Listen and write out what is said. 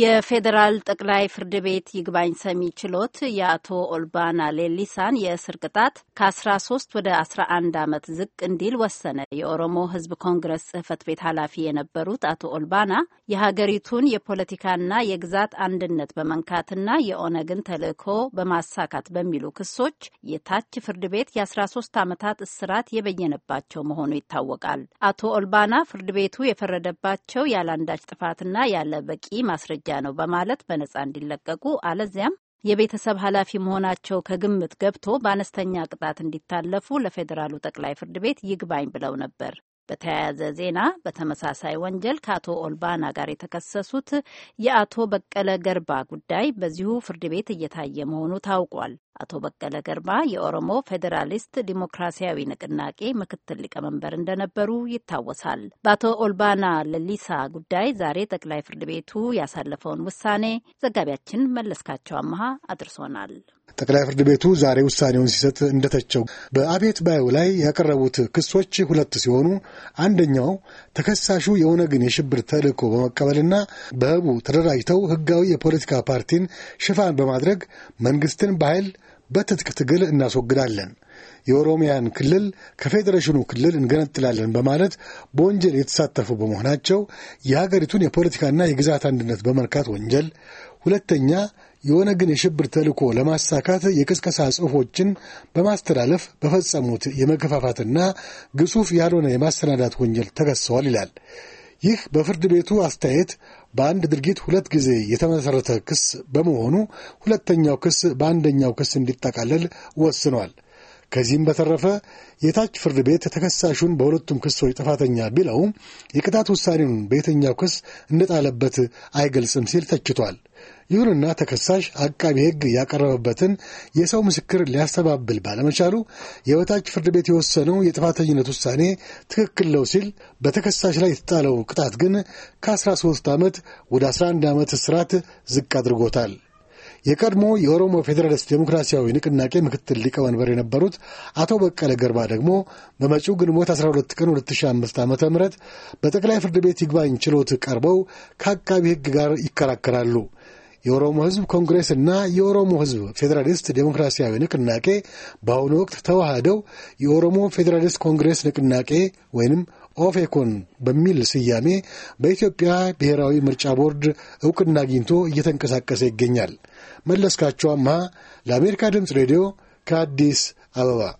የፌዴራል ጠቅላይ ፍርድ ቤት ይግባኝ ሰሚ ችሎት የአቶ ኦልባና ሌሊሳን የእስር ቅጣት ከ13 ወደ 11 ዓመት ዝቅ እንዲል ወሰነ። የኦሮሞ ሕዝብ ኮንግረስ ጽህፈት ቤት ኃላፊ የነበሩት አቶ ኦልባና የሀገሪቱን የፖለቲካና የግዛት አንድነት በመንካትና የኦነግን ተልዕኮ በማሳካት በሚሉ ክሶች የታች ፍርድ ቤት የ13 ዓመታት እስራት የበየነባቸው መሆኑ ይታወቃል። አቶ ኦልባና ፍርድ ቤቱ የፈረደባቸው ያለ አንዳች ጥፋትና ያለ በቂ ማስረ እርምጃ ነው በማለት በነጻ እንዲለቀቁ አለዚያም የቤተሰብ ኃላፊ መሆናቸው ከግምት ገብቶ በአነስተኛ ቅጣት እንዲታለፉ ለፌዴራሉ ጠቅላይ ፍርድ ቤት ይግባኝ ብለው ነበር። በተያያዘ ዜና በተመሳሳይ ወንጀል ከአቶ ኦልባና ጋር የተከሰሱት የአቶ በቀለ ገርባ ጉዳይ በዚሁ ፍርድ ቤት እየታየ መሆኑ ታውቋል። አቶ በቀለ ገርባ የኦሮሞ ፌዴራሊስት ዲሞክራሲያዊ ንቅናቄ ምክትል ሊቀመንበር እንደነበሩ ይታወሳል። በአቶ ኦልባና ለሊሳ ጉዳይ ዛሬ ጠቅላይ ፍርድ ቤቱ ያሳለፈውን ውሳኔ ዘጋቢያችን መለስካቸው አመሃ አድርሶናል። ጠቅላይ ፍርድ ቤቱ ዛሬ ውሳኔውን ሲሰጥ እንደተቸው በአቤት ባዩ ላይ ያቀረቡት ክሶች ሁለት ሲሆኑ አንደኛው ተከሳሹ የኦነግን የሽብር ተልእኮ በመቀበልና በህቡ ተደራጅተው ህጋዊ የፖለቲካ ፓርቲን ሽፋን በማድረግ መንግስትን በኃይል በትጥቅ ትግል እናስወግዳለን፣ የኦሮሚያን ክልል ከፌዴሬሽኑ ክልል እንገነጥላለን በማለት በወንጀል የተሳተፉ በመሆናቸው የሀገሪቱን የፖለቲካና የግዛት አንድነት በመርካት ወንጀል ሁለተኛ የሆነ ግን የሽብር ተልእኮ ለማሳካት የቅስቀሳ ጽሑፎችን በማስተላለፍ በፈጸሙት የመገፋፋትና ግሱፍ ያልሆነ የማሰናዳት ወንጀል ተከሰዋል ይላል። ይህ በፍርድ ቤቱ አስተያየት በአንድ ድርጊት ሁለት ጊዜ የተመሠረተ ክስ በመሆኑ ሁለተኛው ክስ በአንደኛው ክስ እንዲጠቃለል ወስኗል። ከዚህም በተረፈ የታች ፍርድ ቤት ተከሳሹን በሁለቱም ክሶች ጥፋተኛ ቢለውም የቅጣት ውሳኔውን በየትኛው ክስ እንደጣለበት አይገልጽም ሲል ተችቷል። ይሁንና ተከሳሽ አቃቢ ሕግ ያቀረበበትን የሰው ምስክር ሊያስተባብል ባለመቻሉ የበታች ፍርድ ቤት የወሰነው የጥፋተኝነት ውሳኔ ትክክል ነው ሲል በተከሳሽ ላይ የተጣለው ቅጣት ግን ከ13 ዓመት ወደ 11 ዓመት እስራት ዝቅ አድርጎታል። የቀድሞ የኦሮሞ ፌዴራሊስት ዴሞክራሲያዊ ንቅናቄ ምክትል ሊቀመንበር የነበሩት አቶ በቀለ ገርባ ደግሞ በመጪው ግንቦት 12 ቀን 2005 ዓ ም በጠቅላይ ፍርድ ቤት ይግባኝ ችሎት ቀርበው ከአቃቢ ሕግ ጋር ይከራከራሉ። የኦሮሞ ሕዝብ ኮንግሬስ እና የኦሮሞ ሕዝብ ፌዴራሊስት ዴሞክራሲያዊ ንቅናቄ በአሁኑ ወቅት ተዋህደው የኦሮሞ ፌዴራሊስት ኮንግሬስ ንቅናቄ ወይንም ኦፌኮን በሚል ስያሜ በኢትዮጵያ ብሔራዊ ምርጫ ቦርድ እውቅና አግኝቶ እየተንቀሳቀሰ ይገኛል። መለስካቸው አምሃ ለአሜሪካ ድምፅ ሬዲዮ ከአዲስ አበባ